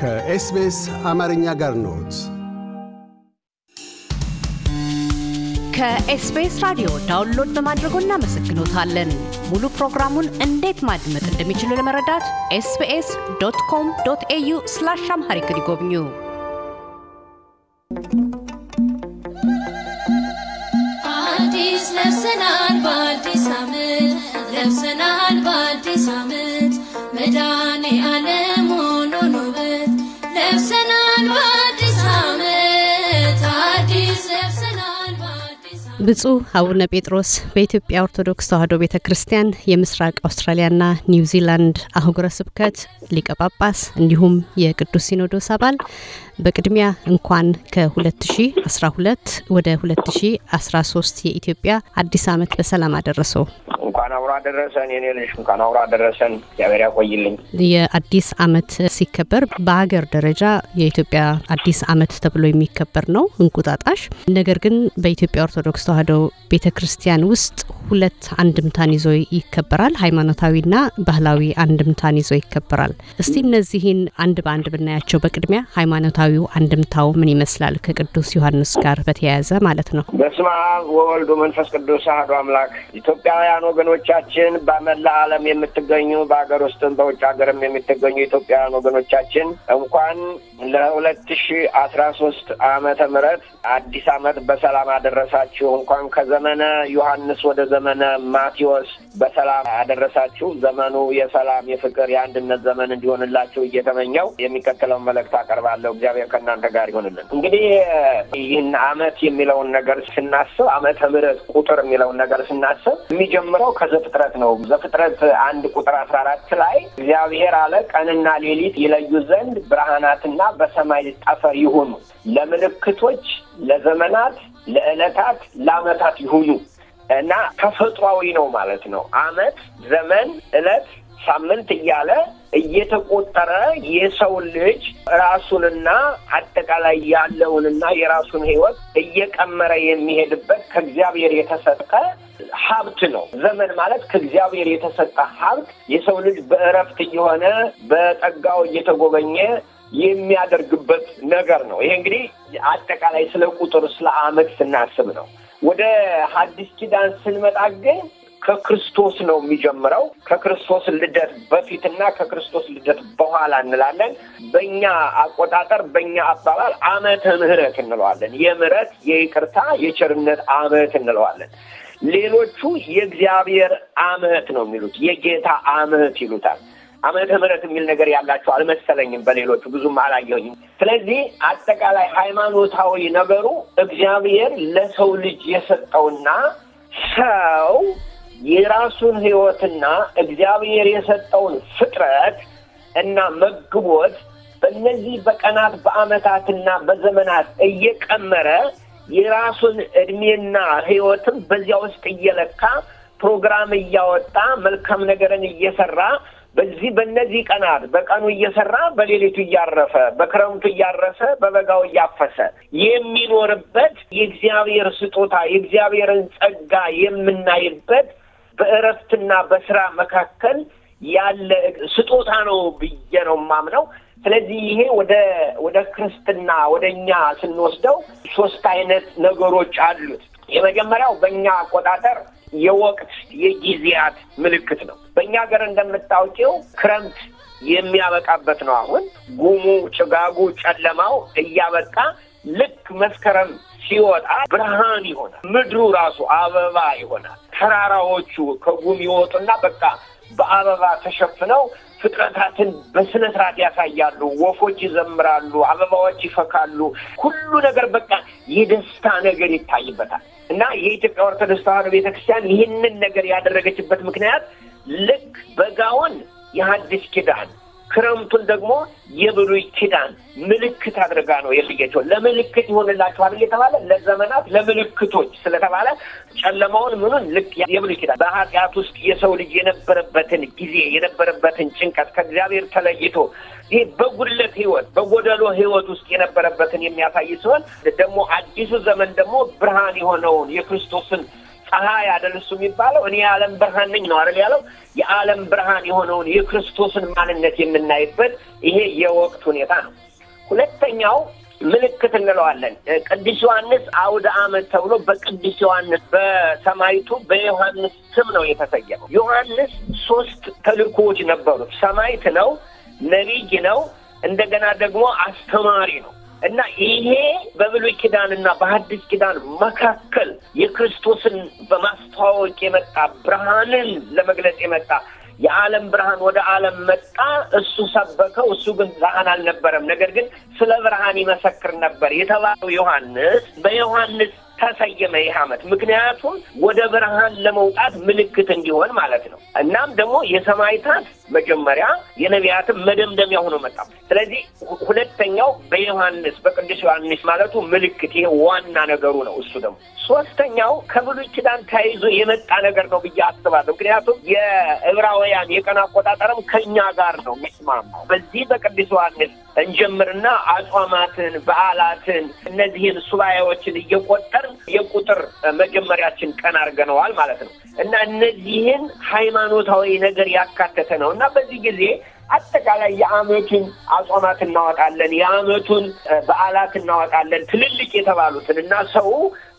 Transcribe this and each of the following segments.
ከኤስቤስ አማርኛ ጋር ነት ከኤስቤስ ራዲዮ ዳውንሎድ በማድረጎ እናመሰግኖታለን። ሙሉ ፕሮግራሙን እንዴት ማድመጥ እንደሚችሉ ለመረዳት ኤስቤስ ዶት ኮም ዶት ኤዩ ስላሽ አምሃሪክ ይጎብኙ። አዲስ ለብሰናል በአዲስ ለብሰናል በአዲስ መዳ ብፁዕ አቡነ ጴጥሮስ በኢትዮጵያ ኦርቶዶክስ ተዋሕዶ ቤተ ክርስቲያን የምስራቅ አውስትራሊያና ኒውዚላንድ አህጉረ ስብከት ሊቀ ጳጳስ እንዲሁም የቅዱስ ሲኖዶስ አባል በቅድሚያ እንኳን ከ2012 ወደ 2013 የኢትዮጵያ አዲስ ዓመት በሰላም አደረሰው። ደረሰን የኔ ልጅ እንኳን አውራ ደረሰን። እግዚአብሔር ያቆይልኝ። የአዲስ አመት ሲከበር በሀገር ደረጃ የኢትዮጵያ አዲስ አመት ተብሎ የሚከበር ነው እንቁጣጣሽ። ነገር ግን በኢትዮጵያ ኦርቶዶክስ ተዋህዶ ቤተ ክርስቲያን ውስጥ ሁለት አንድምታን ይዞ ይከበራል። ሃይማኖታዊና ባህላዊ አንድምታን ይዞ ይከበራል። እስቲ እነዚህን አንድ በአንድ ብናያቸው። በቅድሚያ ሃይማኖታዊው አንድምታው ምን ይመስላል? ከቅዱስ ዮሐንስ ጋር በተያያዘ ማለት ነው። በስመ አብ ወወልድ ወመንፈስ ቅዱስ አሐዱ አምላክ ኢትዮጵያውያን ወገኖቻችን ወገኖቻችን በመላ ዓለም የምትገኙ በሀገር ውስጥም በውጭ ሀገርም የምትገኙ ኢትዮጵያውያን ወገኖቻችን እንኳን ለሁለት ሺ አስራ ሶስት አመተ ምህረት አዲስ አመት በሰላም አደረሳችሁ። እንኳን ከዘመነ ዮሐንስ ወደ ዘመነ ማቴዎስ በሰላም አደረሳችሁ። ዘመኑ የሰላም የፍቅር፣ የአንድነት ዘመን እንዲሆንላችሁ እየተመኘው የሚከተለውን መልእክት አቀርባለሁ። እግዚአብሔር ከእናንተ ጋር ይሆንልን። እንግዲህ ይህን አመት የሚለውን ነገር ስናስብ አመተ ምህረት ቁጥር የሚለውን ነገር ስናስብ የሚጀምረው ከዘ ዘፍጥረት ነው። ዘፍጥረት አንድ ቁጥር አስራ አራት ላይ እግዚአብሔር አለ ቀንና ሌሊት ይለዩ ዘንድ ብርሃናትና በሰማይ ጠፈር ይሁኑ፣ ለምልክቶች፣ ለዘመናት፣ ለዕለታት፣ ለአመታት ይሁኑ እና ተፈጥሯዊ ነው ማለት ነው። አመት ዘመን፣ ዕለት ሳምንት እያለ እየተቆጠረ የሰው ልጅ ራሱንና አጠቃላይ ያለውንና የራሱን ሕይወት እየቀመረ የሚሄድበት ከእግዚአብሔር የተሰጠ ሀብት ነው። ዘመን ማለት ከእግዚአብሔር የተሰጠ ሀብት የሰው ልጅ በእረፍት እየሆነ በጸጋው እየተጎበኘ የሚያደርግበት ነገር ነው። ይሄ እንግዲህ አጠቃላይ ስለ ቁጥር ስለ አመት ስናስብ ነው። ወደ ሐዲስ ኪዳን ስንመጣ ግን ከክርስቶስ ነው የሚጀምረው። ከክርስቶስ ልደት በፊትና ከክርስቶስ ልደት በኋላ እንላለን። በእኛ አቆጣጠር፣ በእኛ አባባል ዓመተ ምሕረት እንለዋለን። የምሕረት የይቅርታ የቸርነት ዓመት እንለዋለን። ሌሎቹ የእግዚአብሔር ዓመት ነው የሚሉት፣ የጌታ ዓመት ይሉታል። ዓመተ ምሕረት የሚል ነገር ያላቸው አልመሰለኝም። በሌሎቹ ብዙም አላየሁኝም። ስለዚህ አጠቃላይ ሃይማኖታዊ ነገሩ እግዚአብሔር ለሰው ልጅ የሰጠውና ሰው የራሱን ህይወትና እግዚአብሔር የሰጠውን ፍጥረት እና መግቦት በእነዚህ በቀናት በአመታትና በዘመናት እየቀመረ የራሱን እድሜና ህይወትም በዚያ ውስጥ እየለካ ፕሮግራም እያወጣ መልካም ነገርን እየሰራ በዚህ በእነዚህ ቀናት በቀኑ እየሰራ በሌሊቱ እያረፈ በክረምቱ እያረሰ በበጋው እያፈሰ የሚኖርበት የእግዚአብሔር ስጦታ የእግዚአብሔርን ጸጋ የምናይበት በእረፍትና በስራ መካከል ያለ ስጦታ ነው ብዬ ነው የማምነው። ስለዚህ ይሄ ወደ ወደ ክርስትና ወደ እኛ ስንወስደው ሶስት አይነት ነገሮች አሉት። የመጀመሪያው በእኛ አቆጣጠር የወቅት የጊዜያት ምልክት ነው። በእኛ ሀገር እንደምታውቂው ክረምት የሚያበቃበት ነው። አሁን ጉሙ፣ ጭጋጉ፣ ጨለማው እያበቃ ልክ መስከረም ሲወጣ ብርሃን ይሆናል። ምድሩ ራሱ አበባ ይሆናል። ተራራዎቹ ከጉም ይወጡና በቃ በአበባ ተሸፍነው ፍጥረታትን በስነ ስርዓት ያሳያሉ። ወፎች ይዘምራሉ፣ አበባዎች ይፈካሉ። ሁሉ ነገር በቃ የደስታ ነገር ይታይበታል እና የኢትዮጵያ ኦርቶዶክስ ተዋሕዶ ቤተክርስቲያን ይህንን ነገር ያደረገችበት ምክንያት ልክ በጋውን የሐዲስ ኪዳን ክረምቱን ደግሞ የብሉይ ኪዳን ምልክት አድርጋ ነው የልየቸው። ለምልክት ይሆንላችኋል እየተባለ ለዘመናት ለምልክቶች ስለተባለ ጨለማውን ምኑን ልክ የብሉይ ኪዳን በኃጢአት ውስጥ የሰው ልጅ የነበረበትን ጊዜ የነበረበትን ጭንቀት ከእግዚአብሔር ተለይቶ ይህ በጉድለት ህይወት በጎደሎ ህይወት ውስጥ የነበረበትን የሚያሳይ ሲሆን ደግሞ አዲሱ ዘመን ደግሞ ብርሃን የሆነውን የክርስቶስን ፀሐይ አይደል እሱ የሚባለው እኔ የዓለም ብርሃን ነኝ ነው አይደል ያለው። የዓለም ብርሃን የሆነውን የክርስቶስን ማንነት የምናይበት ይሄ የወቅት ሁኔታ ነው። ሁለተኛው ምልክት እንለዋለን። ቅዱስ ዮሐንስ አውደ አመት ተብሎ በቅዱስ ዮሐንስ በሰማይቱ በዮሐንስ ስም ነው የተሰየመው። ዮሐንስ ሶስት ተልኮዎች ነበሩት። ሰማይት ነው፣ ነቢይ ነው፣ እንደገና ደግሞ አስተማሪ ነው። እና ይሄ በብሉይ ኪዳንና በሐዲስ ኪዳን መካከል የክርስቶስን በማስተዋወቅ የመጣ ብርሃንን ለመግለጽ የመጣ የዓለም ብርሃን ወደ ዓለም መጣ። እሱ ሰበከው። እሱ ግን ብርሃን አልነበረም፣ ነገር ግን ስለ ብርሃን ይመሰክር ነበር የተባለው ዮሐንስ በዮሐንስ ተሰየመ ይህ ዓመት ምክንያቱም ወደ ብርሃን ለመውጣት ምልክት እንዲሆን ማለት ነው። እናም ደግሞ የሰማይታት መጀመሪያ የነቢያትን መደምደሚያ ሆኖ መጣ። ስለዚህ ሁለተኛው በዮሐንስ በቅዱስ ዮሐንስ ማለቱ ምልክት፣ ይሄ ዋና ነገሩ ነው። እሱ ደግሞ ሶስተኛው ከብሉይ ኪዳን ተያይዞ የመጣ ነገር ነው ብዬ አስባለሁ። ምክንያቱም የዕብራውያን የቀን አቆጣጠርም ከኛ ጋር ነው የሚስማማው። በዚህ በቅዱስ ዮሐንስ እንጀምርና አጽዋማትን፣ በዓላትን እነዚህን ሱባኤዎችን እየቆጠር የቁጥር መጀመሪያችን ቀን አድርገነዋል ማለት ነው እና እነዚህን ሃይማኖታዊ ነገር ያካተተ ነው። እና በዚህ ጊዜ አጠቃላይ የአመቱን አጽዋማት እናወጣለን፣ የአመቱን በዓላት እናወጣለን፣ ትልልቅ የተባሉትን እና ሰው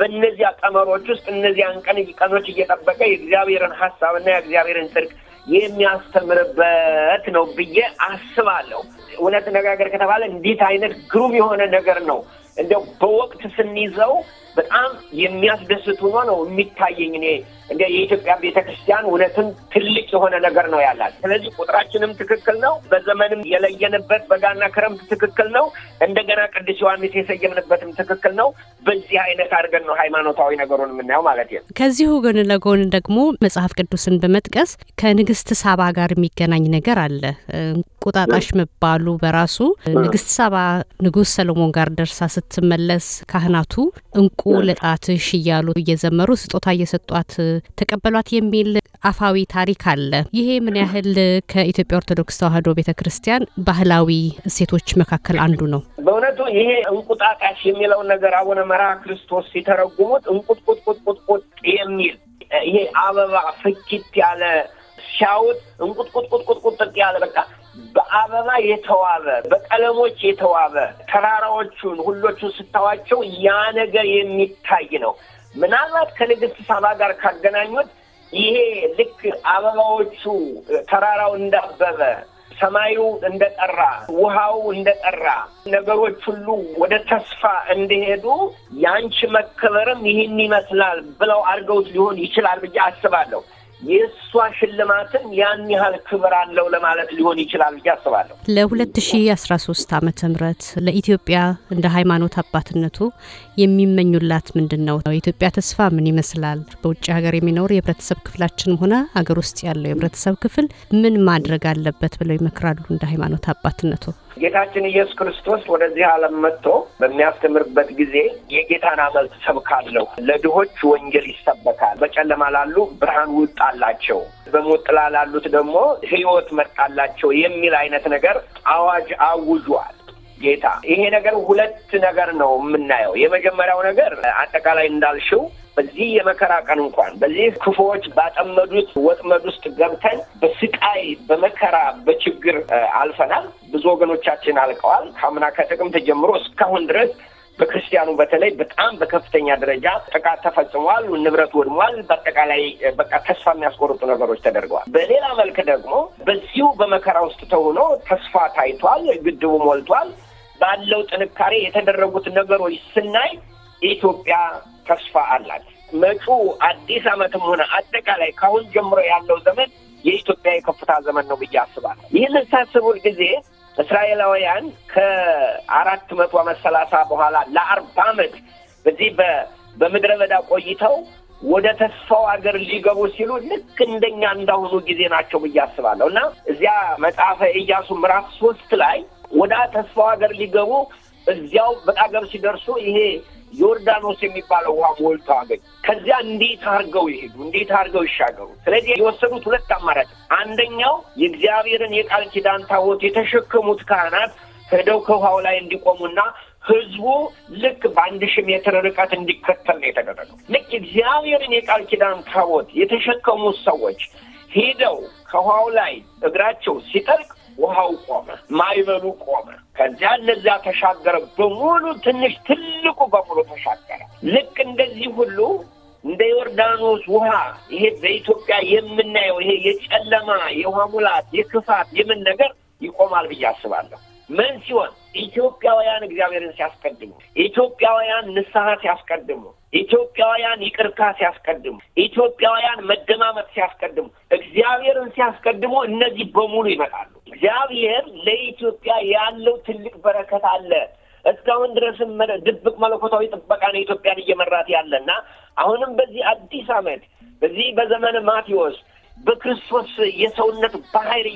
በእነዚያ ቀመሮች ውስጥ እነዚያን ቀን ቀኖች እየጠበቀ የእግዚአብሔርን ሀሳብና የእግዚአብሔርን ጽድቅ የሚያስተምርበት ነው ብዬ አስባለሁ። እውነት ነጋገር ከተባለ እንዲት አይነት ግሩም የሆነ ነገር ነው እንደው በወቅት ስንይዘው በጣም የሚያስደስት ሆኖ ነው የሚታየኝ እኔ እንደ የኢትዮጵያ ቤተ ክርስቲያን እውነትም ትልቅ የሆነ ነገር ነው ያላት። ስለዚህ ቁጥራችንም ትክክል ነው፣ በዘመንም የለየንበት በጋና ክረምት ትክክል ነው። እንደገና ቅዱስ ዮሐንስ የሰየምንበትም ትክክል ነው። በዚህ አይነት አድርገን ነው ሃይማኖታዊ ነገሩን የምናየው ማለት ነው። ከዚሁ ጎን ለጎን ደግሞ መጽሐፍ ቅዱስን በመጥቀስ ከንግስት ሳባ ጋር የሚገናኝ ነገር አለ። እንቁጣጣሽ መባሉ በራሱ ንግስት ሳባ ንጉስ ሰሎሞን ጋር ደርሳ ስትመለስ ካህናቱ እንቁ ለጣትሽ እያሉ እየዘመሩ ስጦታ እየሰጧት ተቀበሏት የሚል አፋዊ ታሪክ አለ። ይሄ ምን ያህል ከኢትዮጵያ ኦርቶዶክስ ተዋሕዶ ቤተ ክርስቲያን ባህላዊ እሴቶች መካከል አንዱ ነው? በእውነቱ ይሄ እንቁጣጣሽ የሚለውን ነገር አቡነ መርሃ ክርስቶስ ሲተረጉሙት እንቁጥቁጥቁጥቁጥቁጥ የሚል ይሄ አበባ ፍኪት ያለ ሲያዩት እንቁጥቁጥቁጥቁጥቁጥ ያለ በቃ በአበባ የተዋበ በቀለሞች የተዋበ ተራራዎቹን ሁሎቹን ስታዋቸው ያ ነገር የሚታይ ነው። ምናልባት ከንግስት ሳባ ጋር ካገናኙት ይሄ ልክ አበባዎቹ ተራራው እንዳበበ ሰማዩ እንደጠራ፣ ውሃው እንደጠራ፣ ነገሮች ሁሉ ወደ ተስፋ እንደሄዱ የአንቺ መከበርም ይህን ይመስላል ብለው አድርገውት ሊሆን ይችላል ብዬ አስባለሁ። የእሷ ሽልማትም ያን ያህል ክብር አለው ለማለት ሊሆን ይችላል ብዬ አስባለሁ። ለሁለት ሺ አስራ ሶስት አመተ ምህረት ለኢትዮጵያ እንደ ሃይማኖት አባትነቱ የሚመኙላት ምንድን ነው? የኢትዮጵያ ተስፋ ምን ይመስላል? በውጭ ሀገር የሚኖር የህብረተሰብ ክፍላችንም ሆነ ሀገር ውስጥ ያለው የህብረተሰብ ክፍል ምን ማድረግ አለበት ብለው ይመክራሉ እንደ ሃይማኖት አባትነቱ? ጌታችን ኢየሱስ ክርስቶስ ወደዚህ ዓለም መጥቶ በሚያስተምርበት ጊዜ የጌታን አመልት ሰብካለሁ፣ ለድሆች ወንጌል ይሰበካል፣ በጨለማ ላሉ ብርሃን ውጣላቸው፣ በሞት ጥላ ላሉት ደግሞ ሕይወት መጣላቸው የሚል አይነት ነገር አዋጅ አውጇል። ጌታ ይሄ ነገር ሁለት ነገር ነው የምናየው። የመጀመሪያው ነገር አጠቃላይ እንዳልሽው በዚህ የመከራ ቀን እንኳን በዚህ ክፉዎች ባጠመዱት ወጥመድ ውስጥ ገብተን በስቃይ በመከራ በችግር አልፈናል። ብዙ ወገኖቻችን አልቀዋል። ከአምና ከጥቅምት ጀምሮ እስካሁን ድረስ በክርስቲያኑ በተለይ በጣም በከፍተኛ ደረጃ ጥቃት ተፈጽሟል። ንብረት ወድሟል። በአጠቃላይ በቃ ተስፋ የሚያስቆርጡ ነገሮች ተደርገዋል። በሌላ መልክ ደግሞ በዚሁ በመከራ ውስጥ ተሆኖ ተስፋ ታይቷል። ግድቡ ሞልቷል። ባለው ጥንካሬ የተደረጉት ነገሮች ስናይ ኢትዮጵያ ተስፋ አላት። መጪው አዲስ ዓመትም ሆነ አጠቃላይ ከአሁን ጀምሮ ያለው ዘመን የኢትዮጵያ የከፍታ ዘመን ነው ብዬ አስባለሁ። ይህን ሳስቡል ጊዜ እስራኤላውያን ከአራት መቶ ዓመት ሰላሳ በኋላ ለአርባ ዓመት በዚህ በምድረ በዳ ቆይተው ወደ ተስፋው ሀገር ሊገቡ ሲሉ ልክ እንደኛ እንዳሁኑ ጊዜ ናቸው ብዬ አስባለሁ እና እዚያ መጽሐፈ ኢያሱ ምዕራፍ ሶስት ላይ ወደ ተስፋው ሀገር ሊገቡ እዚያው በጣገብ ሲደርሱ ይሄ ዮርዳኖስ የሚባለው ውሃ ሞልቶ አገኙ። ከዚያ እንዴት አድርገው ይሄዱ? እንዴት አድርገው ይሻገሩ? ስለዚህ የወሰዱት ሁለት አማራጭ፣ አንደኛው የእግዚአብሔርን የቃል ኪዳን ታቦት የተሸከሙት ካህናት ሄደው ከውሃው ላይ እንዲቆሙና ህዝቡ ልክ በአንድ ሺህ ሜትር ርቀት እንዲከተል ነው የተደረገው። ልክ እግዚአብሔርን የቃል ኪዳን ታቦት የተሸከሙት ሰዎች ሄደው ከውሃው ላይ እግራቸው ሲጠልቅ ውሃው ቆመ፣ ማይበሉ ቆመ። ከዚያ እነዚያ ተሻገረ በሙሉ ትንሽ ትልቁ በሙሉ ተሻገረ። ልክ እንደዚህ ሁሉ እንደ ዮርዳኖስ ውሃ ይሄ በኢትዮጵያ የምናየው ይሄ የጨለማ የውሃ ሙላት፣ የክፋት የምን ነገር ይቆማል ብዬ አስባለሁ። ምን ሲሆን ኢትዮጵያውያን እግዚአብሔርን ሲያስቀድሙ፣ ኢትዮጵያውያን ንስሐ ሲያስቀድሙ ኢትዮጵያውያን ይቅርታ ሲያስቀድሙ፣ ኢትዮጵያውያን መደማመጥ ሲያስቀድሙ፣ እግዚአብሔርን ሲያስቀድሙ እነዚህ በሙሉ ይመጣሉ። እግዚአብሔር ለኢትዮጵያ ያለው ትልቅ በረከት አለ። እስካሁን ድረስም ድብቅ መለኮታዊ ጥበቃ ነው ኢትዮጵያን እየመራት ያለና አሁንም በዚህ አዲስ ዓመት በዚህ በዘመነ ማቴዎስ በክርስቶስ የሰውነት ባህሪ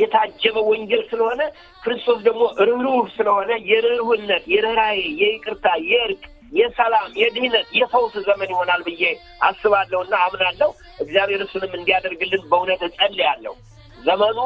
የታጀበ ወንጌል ስለሆነ ክርስቶስ ደግሞ ርኅሩህ ስለሆነ የርኅሩህነት፣ የርኅራኄ፣ የይቅርታ፣ የእርቅ የሰላም የድህነት የፈውስ ዘመን ይሆናል ብዬ አስባለሁና አምናለሁ። እግዚአብሔር እሱንም እንዲያደርግልን በእውነት እጸልያለሁ። ዘመኑ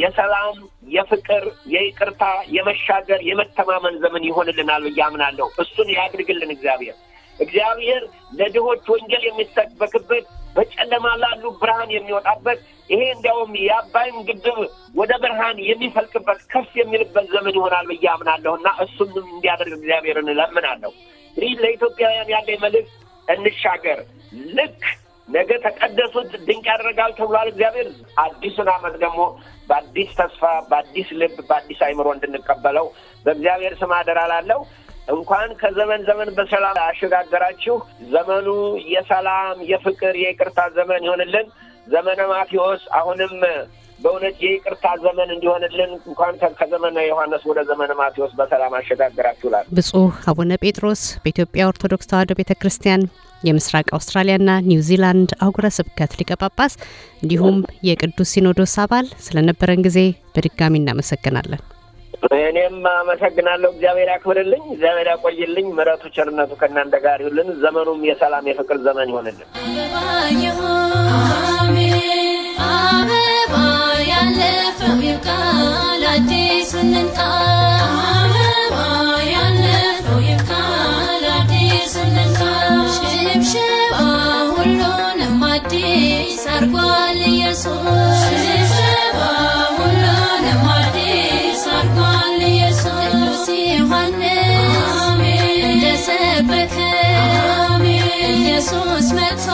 የሰላም፣ የፍቅር፣ የይቅርታ፣ የመሻገር፣ የመተማመን ዘመን ይሆንልናል ብዬ አምናለሁ። እሱን ያድርግልን እግዚአብሔር እግዚአብሔር ለድሆች ወንጌል የሚሰበክበት በጨለማ ላሉ ብርሃን የሚወጣበት ይሄ እንዲያውም የአባይን ግድብ ወደ ብርሃን የሚፈልቅበት ከፍ የሚልበት ዘመን ይሆናል ብዬ አምናለሁ እና እሱንም እንዲያደርግ እግዚአብሔርን እለምናለሁ። እንግዲህ ለኢትዮጵያውያን ያለ መልእክት እንሻገር። ልክ ነገ ተቀደሱት ድንቅ ያደረጋል ተብሏል። እግዚአብሔር አዲሱን ዓመት ደግሞ በአዲስ ተስፋ፣ በአዲስ ልብ፣ በአዲስ አይምሮ እንድንቀበለው በእግዚአብሔር ስም አደራ እንኳን ከዘመን ዘመን በሰላም አሸጋገራችሁ። ዘመኑ የሰላም የፍቅር፣ የይቅርታ ዘመን ይሆንልን። ዘመነ ማቴዎስ አሁንም በእውነት የይቅርታ ዘመን እንዲሆንልን እንኳን ከዘመነ ዮሐንስ ወደ ዘመነ ማቴዎስ በሰላም አሸጋገራችሁ ላል ብፁዕ አቡነ ጴጥሮስ በኢትዮጵያ ኦርቶዶክስ ተዋሕዶ ቤተ ክርስቲያን የምስራቅ አውስትራሊያና ኒው ዚላንድ አህጉረ ስብከት ሊቀ ጳጳስ እንዲሁም የቅዱስ ሲኖዶስ አባል ስለነበረን ጊዜ በድጋሚ እናመሰግናለን። እኔም አመሰግናለሁ። እግዚአብሔር ያክብርልኝ፣ እግዚአብሔር ያቆይልኝ። ምሕረቱ ቸርነቱ ከእናንተ ጋር ይሁልን። ዘመኑም የሰላም የፍቅር ዘመን ይሆንልን። አበባ ያለፈው ኢየሱስ ዮሐንስ እንደሰበከ ኢየሱስ መጣ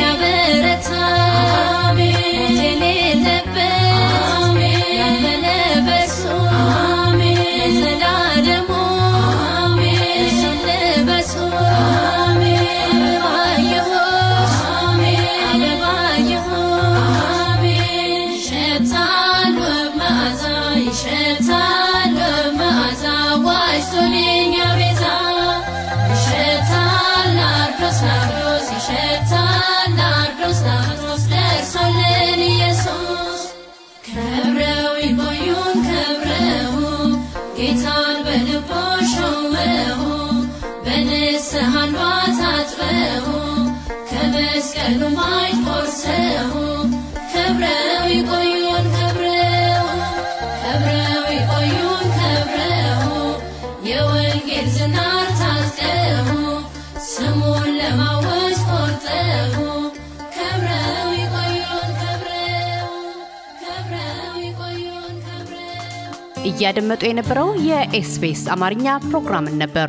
ያበረታ መስቀሉ ማይቆርሰው ከብረው ይቆዩን ከብረው ከብረው ይቆዩን ከብረው የወንጌል ዝናር ታጥቀው ስሙን ለማወጅ ቆርጠው እያደመጡ የነበረው የኤስፔስ አማርኛ ፕሮግራምን ነበር።